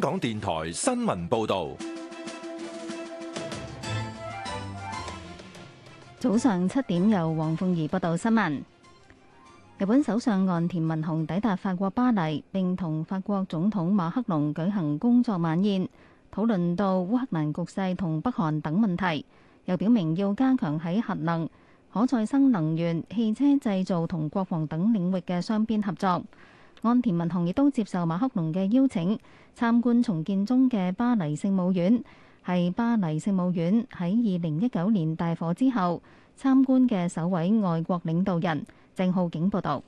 香港電台新聞報道：早上七點，由黃鳳儀報道新聞。日本首相岸田文雄抵達法國巴黎，並同法國總統馬克龍舉行工作晚宴，討論到烏克蘭局勢同北韓等問題，又表明要加強喺核能、可再生能源、汽車製造同國防等領域嘅雙邊合作。岸田文雄亦都接受馬克龍嘅邀請，參觀重建中嘅巴黎聖母院，係巴黎聖母院喺二零一九年大火之後參觀嘅首位外國領導人。鄭浩景報道。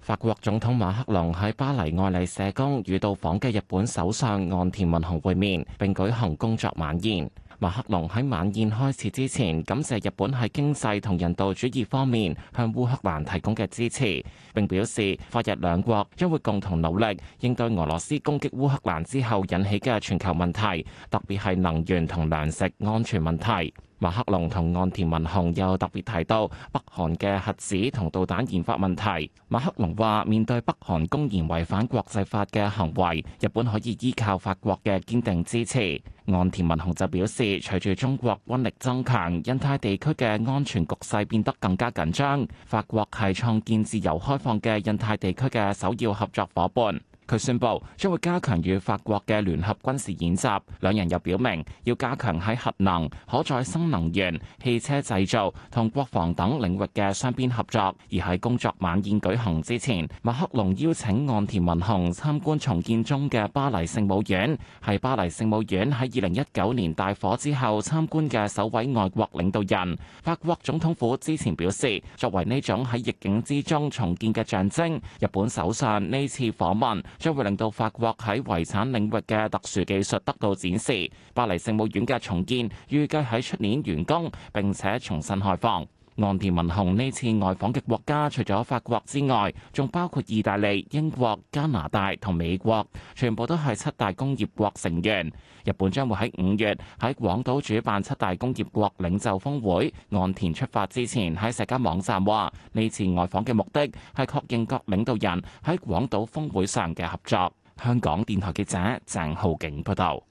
法國總統馬克龍喺巴黎愛麗舍宮與到訪嘅日本首相岸田文雄會面，並舉行工作晚宴。馬克龍喺晚宴開始之前感謝日本喺經濟同人道主義方面向烏克蘭提供嘅支持，並表示法日兩國將會共同努力應對俄羅斯攻擊烏克蘭之後引起嘅全球問題，特別係能源同糧食安全問題。馬克龍同岸田文雄又特別提到北韓嘅核子同導彈研發問題。馬克龍話，面對北韓公然違反國際法嘅行為，日本可以依靠法國嘅堅定支持。岸田文雄就表示，隨住中國軍力增強，印太地區嘅安全局勢變得更加緊張。法國係創建自由開放嘅印太地區嘅首要合作伙伴。佢宣布將會加強與法國嘅聯合軍事演習，兩人又表明要加強喺核能、可再生能源、汽車製造同國防等領域嘅雙邊合作。而喺工作晚宴舉行之前，馬克龍邀請岸田文雄參觀重建中嘅巴黎聖母院，係巴黎聖母院喺二零一九年大火之後參觀嘅首位外國領導人。法國總統府之前表示，作為呢種喺逆境之中重建嘅象徵，日本首相呢次訪問。將會令到法國喺遺產領域嘅特殊技術得到展示。巴黎聖母院嘅重建預計喺出年完工，並且重新開放。岸田文雄呢次外訪嘅國家，除咗法國之外，仲包括意大利、英國、加拿大同美國，全部都係七大工業國成員，日本將會喺五月喺廣島主辦七大工業國領袖峰會。岸田出發之前喺社交網站話，呢次外訪嘅目的係確認各領導人喺廣島峰會上嘅合作。香港電台記者鄭浩景報道。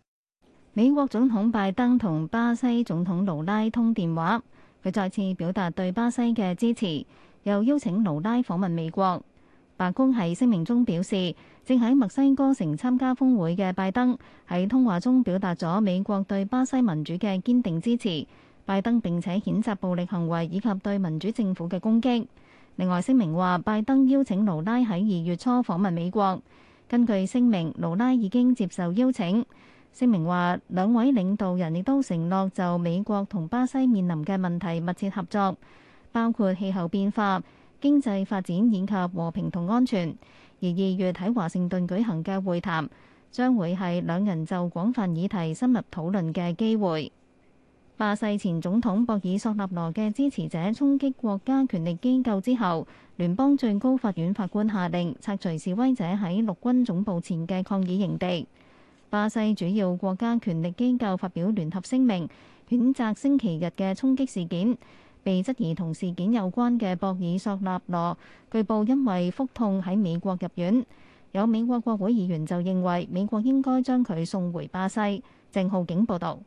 美國總統拜登同巴西總統盧拉通電話。佢再次表達對巴西嘅支持，又邀請盧拉訪問美國。白宮喺聲明中表示，正喺墨西哥城參加峰會嘅拜登喺通話中表達咗美國對巴西民主嘅堅定支持。拜登並且譴責暴力行為以及對民主政府嘅攻擊。另外，聲明話，拜登邀請盧拉喺二月初訪問美國。根據聲明，盧拉已經接受邀請。聲明話，兩位領導人亦都承諾就美國同巴西面臨嘅問題密切合作，包括氣候變化、經濟發展以及和平同安全。而二月喺華盛頓舉行嘅會談，將會係兩人就廣泛議題深入討論嘅機會。巴西前總統博爾索納羅嘅支持者衝擊國家權力機構之後，聯邦最高法院法官下令拆除示威者喺陸軍總部前嘅抗議營地。巴西主要國家權力機構發表聯合聲明，譴責星期日嘅衝擊事件。被質疑同事件有關嘅博爾索納羅，據報因為腹痛喺美國入院。有美國國會議員就認為美國應該將佢送回巴西。鄭浩景報道。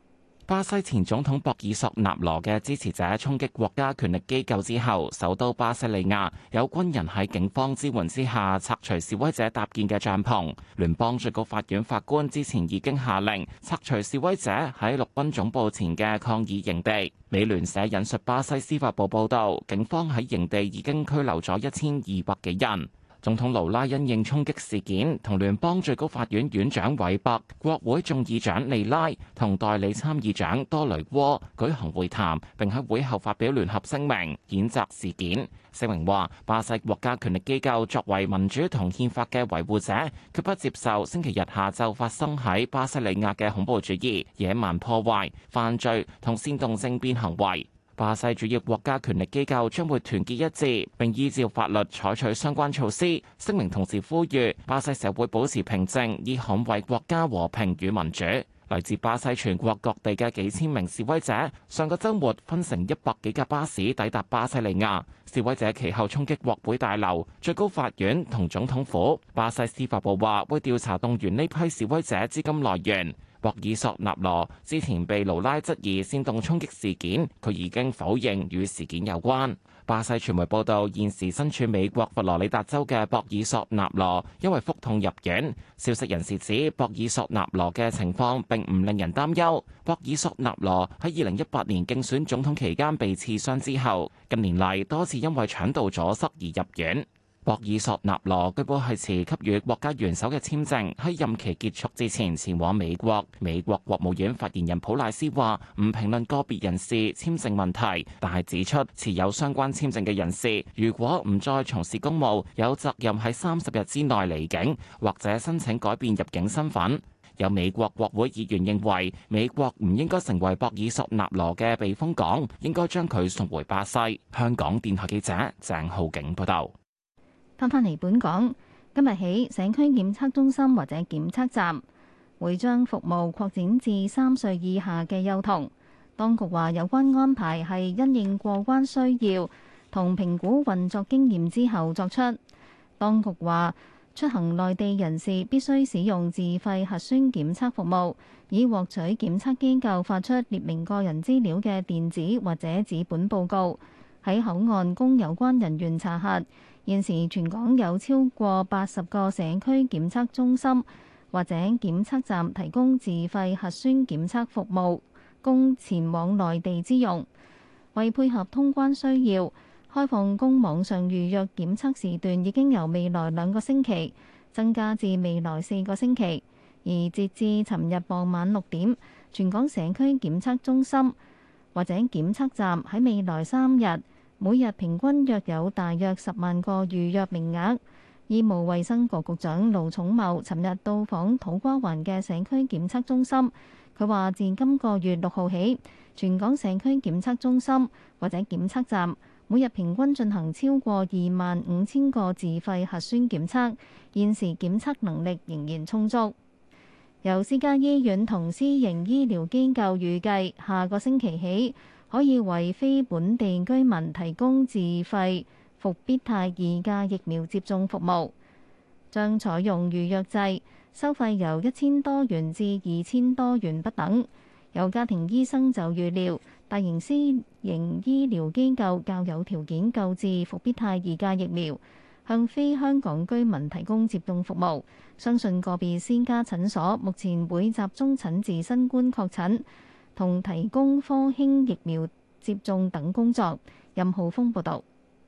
巴西前總統博爾索納羅嘅支持者衝擊國家權力機構之後，首都巴西利亞有軍人喺警方支援之下拆除示威者搭建嘅帳篷。聯邦最高法院法官之前已經下令拆除示威者喺陸軍總部前嘅抗議營地。美聯社引述巴西司法部報道，警方喺營地已經拘留咗一千二百幾人。總統盧拉因應衝擊事件，同聯邦最高法院院長韋伯、國會眾議長利拉同代理參議長多雷戈舉行會談，並喺會後發表聯合聲明譴責事件。聲明話：巴西國家權力機構作為民主同憲法嘅維護者，決不接受星期日下晝發生喺巴西利亞嘅恐怖主義、野蠻破壞、犯罪同煽動政變行為。巴西主要國家權力機構將會團結一致，並依照法律採取相關措施。聲明同時呼籲巴西社會保持平靜，以捍衛國家和平與民主。來自巴西全國各地嘅幾千名示威者，上個週末分成一百幾架巴士抵達巴西利亞。示威者其後衝擊國會大樓、最高法院同總統府。巴西司法部話會調查動員呢批示威者資金來源。博爾索納羅之前被盧拉質疑煽動衝擊事件，佢已經否認與事件有關。巴西傳媒報道，現時身處美國佛羅里達州嘅博爾索納羅因為腹痛入院。消息人士指，博爾索納羅嘅情況並唔令人擔憂。博爾索納羅喺二零一八年競選總統期間被刺傷之後，近年嚟，多次因為腸道阻塞而入院。博爾索納羅據報係持給予國家元首嘅簽證，喺任期結束之前前往美國。美國國務院發言人普賴斯話唔評論個別人士簽證問題，但係指出持有相關簽證嘅人士如果唔再從事公務，有責任喺三十日之內離境或者申請改變入境身份。有美國國會議員認為美國唔應該成為博爾索納羅嘅避風港，應該將佢送回巴西。香港電台記者鄭浩景報道。返返嚟本港，今日起，社區檢測中心或者檢測站會將服務擴展至三歲以下嘅幼童。當局話，有關安排係因應過關需要同評估運作經驗之後作出。當局話，出行內地人士必須使用自費核酸檢測服務，以獲取檢測機構發出列明個人資料嘅電子或者紙本報告，喺口岸供有關人員查核。現時全港有超過八十個社區檢測中心或者檢測站提供自費核酸檢測服務，供前往內地之用。為配合通關需要，開放供網上預約檢測時段已經由未來兩個星期增加至未來四個星期。而截至尋日傍晚六點，全港社區檢測中心或者檢測站喺未來三日。每日平均約有大約十萬個預約名額。醫務衛生局局長盧寵茂尋日到訪土瓜灣嘅社區檢測中心，佢話：自今個月六號起，全港社區檢測中心或者檢測站每日平均進行超過二萬五千個自費核酸檢測，現時檢測能力仍然充足。由私家醫院同私營醫療機構預計下個星期起。可以為非本地居民提供自費復必泰二價疫苗接種服務，將採用預約制，收費由一千多元至二千多元不等。有家庭醫生就預料，大型私營醫療機構較有條件購置復必泰二價疫苗，向非香港居民提供接種服務。相信個別私家診所目前會集中診治新冠確診。同提供科興疫苗接種等工作。任浩峰報道。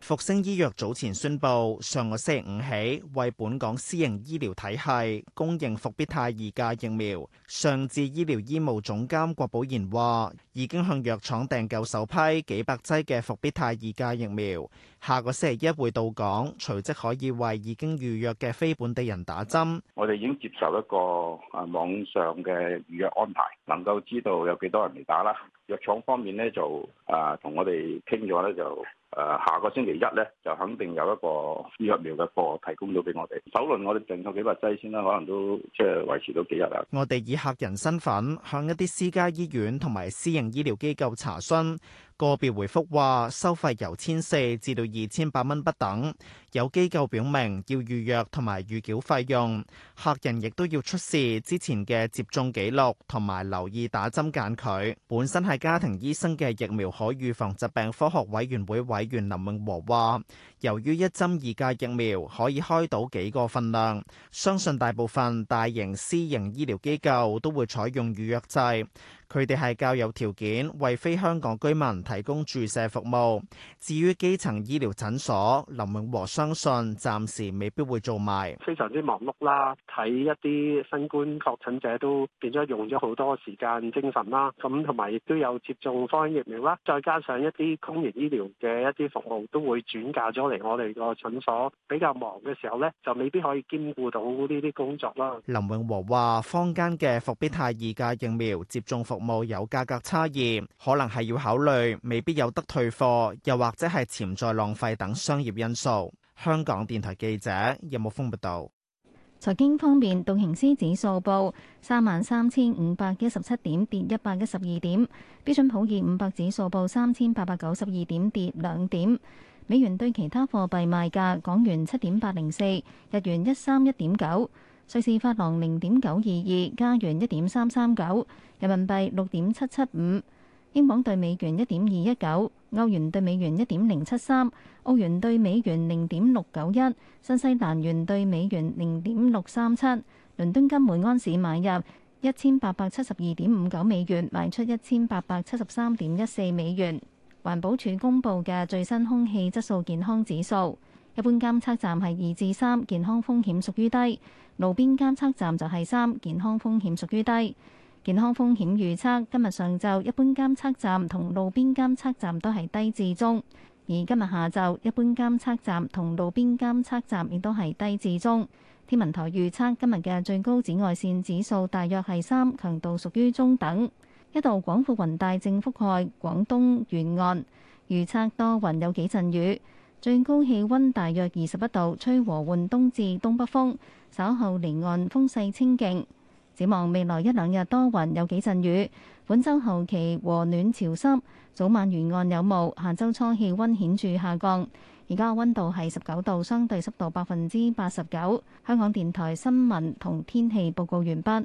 復星醫藥早前宣布，上個星期五起為本港私營醫療體系供應復必泰二價疫苗。上至醫療醫務總監郭寶賢話，已經向藥廠訂購首批幾百劑嘅復必泰二價疫苗。下個星期一會到港，隨即可以為已經預約嘅非本地人打針。我哋已經接受一個啊網上嘅預約安排，能夠知道有幾多人嚟打啦。藥廠方面呢就啊同我哋傾咗咧就。誒下個星期一咧，就肯定有一個疫苗嘅貨提供到俾我哋。首輪我哋訂咗幾百劑先啦，可能都即係維持到幾日啦。我哋以客人身份向一啲私家醫院同埋私營醫療機構查詢。個別回覆話收費由千四至到二千八蚊不等，有機構表明要預約同埋預繳費用，客人亦都要出示之前嘅接種記錄同埋留意打針間距。本身係家庭醫生嘅疫苗可預防疾病科學委員會委員林永和話，由於一針二價疫苗可以開到幾個份量，相信大部分大型私營醫療機構都會採用預約制。佢哋係較有條件為非香港居民提供注射服務。至於基層醫療診所，林永和相信暫時未必會做埋。非常之忙碌啦，睇一啲新冠確診者都變咗用咗好多時間精神啦。咁同埋亦都有接種返疫苗啦，再加上一啲公營醫療嘅一啲服務都會轉嫁咗嚟我哋個診所。比較忙嘅時候呢，就未必可以兼顧到呢啲工作啦。林永和話：坊間嘅復必泰二價疫苗接種服務。冇有價格差異，可能係要考慮未必有得退貨，又或者係潛在浪費等商業因素。香港電台記者任木峰報道。財經方面，道瓊斯指數報三萬三千五百一十七點，點跌一百一十二點；標準普爾五百指數報三千八百九十二點，跌兩點。美元對其他貨幣賣價，港元七點八零四，日元一三一點九。瑞士法郎零點九二二，加元一點三三九，人民幣六點七七五，英鎊對美元一點二一九，歐元對美元一點零七三，澳元對美元零點六九一，新西蘭元對美元零點六三七。倫敦金每安士買入一千八百七十二點五九美元，賣出一千八百七十三點一四美元。環保署公布嘅最新空氣質素健康指數。一般監測站係二至三，健康風險屬於低；路邊監測站就係三，健康風險屬於低。健康風險預測今日上晝，一般監測站同路邊監測站都係低至中。而今日下晝，一般監測站同路邊監測站亦都係低至中。天文台預測今日嘅最高紫外線指數大約係三，強度屬於中等。一道廣闊雲帶正覆蓋廣東沿岸，預測多雲有幾陣雨。最高氣溫大約二十一度，吹和緩東至東北風，稍後離岸風勢清勁。展望未來一兩日多雲，有幾陣雨。本週後期和暖潮濕，早晚沿岸有霧。下周初氣温顯著下降。而家温度係十九度，相對濕度百分之八十九。香港電台新聞同天氣報告完畢。